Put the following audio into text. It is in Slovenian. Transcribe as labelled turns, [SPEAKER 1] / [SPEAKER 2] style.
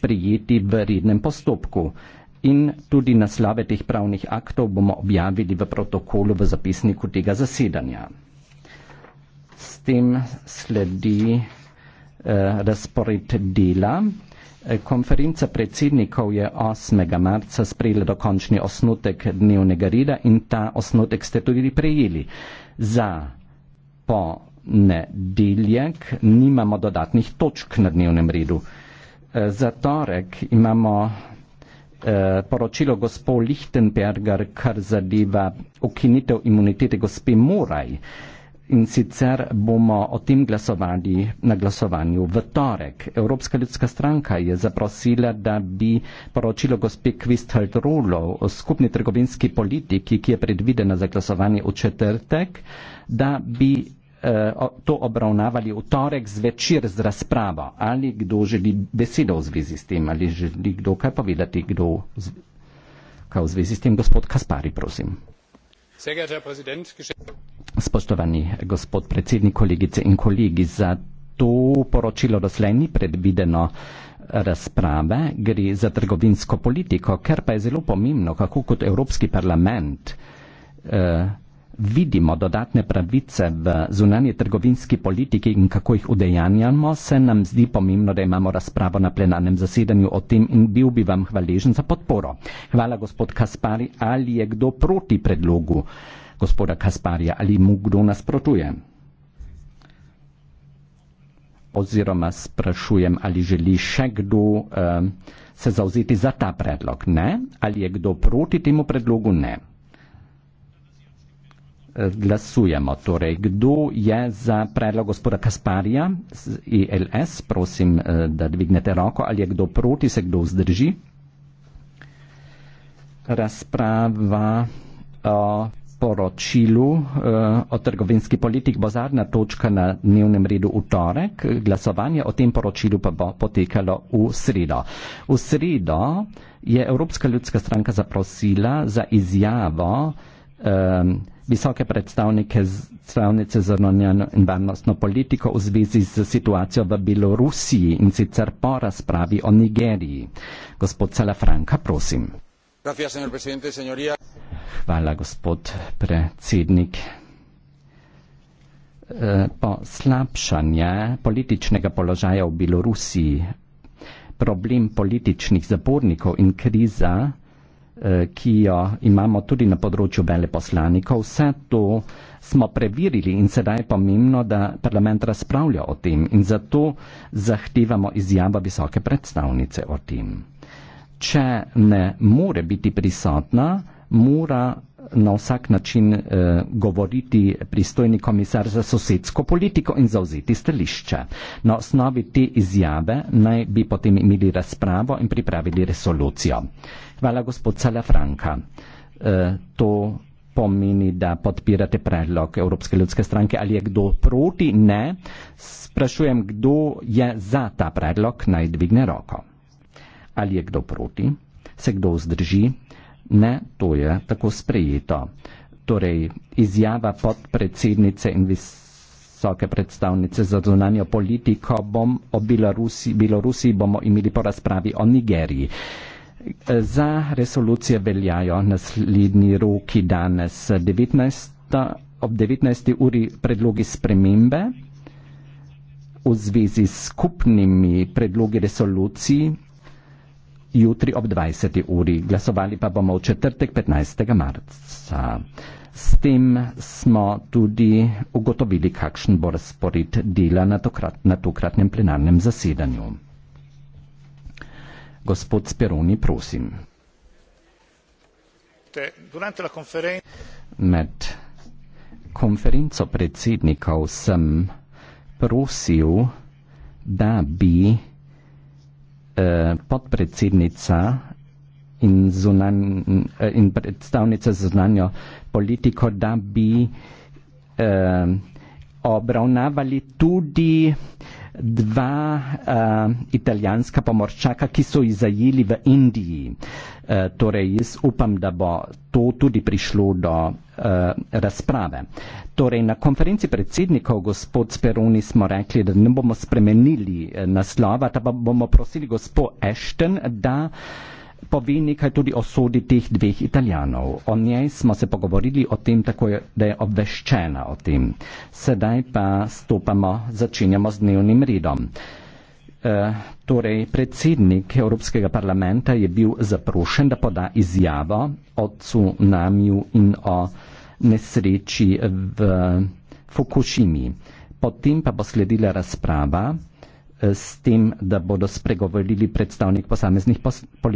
[SPEAKER 1] sprejeti v rednem postopku. In tudi naslove teh pravnih aktov bomo objavili v protokolu v zapisniku tega zasedanja. S tem sledi eh, razpored dela. Eh, konferenca predsednikov je 8. marca sprejela dokončni osnotek dnevnega reda in ta osnotek ste tudi prejeli. Za ponedeljek nimamo dodatnih točk na dnevnem redu. Eh, zatorek imamo eh, poročilo gospod Lichtenberger, kar zadeva ukinitev imunitete gospe Moraj. In sicer bomo o tem glasovali na glasovanju v torek. Evropska ljudska stranka je zaprosila, da bi poročilo gospe Kvistelt Rulov o skupni trgovinski politiki, ki je predvidena za glasovanje v četrtek, da bi Eh, to obravnavali v torek zvečer z razpravo. Ali kdo želi besedo v zvezi s tem, ali želi kdo kaj povedati, kdo kaj v zvezi s tem. Gospod Kaspari, prosim. Spoštovani gospod predsednik, kolegice in kolegi, za to poročilo doslej ni predvideno razprave, gre za trgovinsko politiko, ker pa je zelo pomembno, kako kot Evropski parlament eh, vidimo dodatne pravice v zunanje trgovinski politiki in kako jih udejanjamo, se nam zdi pomembno, da imamo razpravo na plenarnem zasedanju o tem in bil bi vam hvaležen za podporo. Hvala gospod Kaspari, ali je kdo proti predlogu gospoda Kasparja ali mu kdo nasprotuje? Oziroma sprašujem, ali želi še kdo uh, se zauzeti za ta predlog? Ne. Ali je kdo proti temu predlogu? Ne glasujemo. Torej, kdo je za predlog gospoda Kasparja z ILS? Prosim, eh, da dvignete roko. Ali je kdo proti, se kdo vzdrži? Razprava o poročilu eh, o trgovinski politik bo zadnja točka na dnevnem redu v torek. Glasovanje o tem poročilu pa bo potekalo v sredo. V sredo je Evropska ljudska stranka zaprosila za izjavo um, visoke predstavnike stranice za notranjo in varnostno politiko v zvezi z situacijo v Belorusiji in sicer po razpravi o Nigeriji. Gospod Salafranka, prosim. Gracias, señor presidente, señoría. Hvala, gospod predsednik. E, po slabšanju političnega položaja v Belorusiji, problem političnih zapornikov in kriza Eh, ki jo imamo tudi na področju veleposlanikov. Vse to smo preverili in sedaj je pomembno, da parlament razpravlja o tem in zato zahtevamo izjavo visoke predstavnice o tem. Če ne more biti prisotna, mora na vsak način eh, govoriti pristojni komisar za sosedsko politiko in zauzeti stališče. Na osnovi te izjave naj bi potem imeli razpravo in pripravili resolucijo. Hvala gospod Salafranka. Eh, to pomeni, da podpirate predlog Evropske ljudske stranke. Ali je kdo proti? Ne. Sprašujem, kdo je za ta predlog, naj dvigne roko. Ali je kdo proti? Se kdo vzdrži? Ne, to je tako sprejeto. Torej, izjava podpredsednice in visoke predstavnice za zunanjo politiko bom o Belorusiji, Belorusiji bomo imeli po razpravi o Nigeriji. Za resolucije veljajo naslednji roki danes 19, ob 19. uri predlogi spremembe v zvezi s skupnimi predlogi resolucij jutri ob 20. uri. Glasovali pa bomo v četrtek 15. marca. S tem smo tudi ugotovili, kakšen bo razpored dela na, tokrat, na tokratnem plenarnem zasedanju. Gospod Speroni, prosim. Med konferenco predsednikov sem prosil, da bi podpredsednica in, zunan, eh, in predstavnica za znanjo politiko, da bi eh, obravnavali tudi dva eh, italijanska pomorčaka, ki so jih zajeli v Indiji. Eh, Eh, torej jaz upam, da bo to tudi prišlo do uh, razprave. Torej, na konferenci predsednikov, gospod Speroni, smo rekli, da ne bomo spremenili eh, naslova, da pa bomo prosili gospod Ashton, da pove nekaj tudi o sodi teh dveh Italijanov. O njej smo se pogovorili o tem, tako je, da je obveščena o tem. Sedaj pa stopamo, začenjamo z dnevnim redom. Uh, Eh, torej predsednik Evropskega parlamenta je bil zaprošen, da poda izjavo o tsunamiju in o nesreči v Fukushimi. Potem pa bo sledila razprava eh, s tem, da bodo spregovorili predstavnik posameznih pos, poli,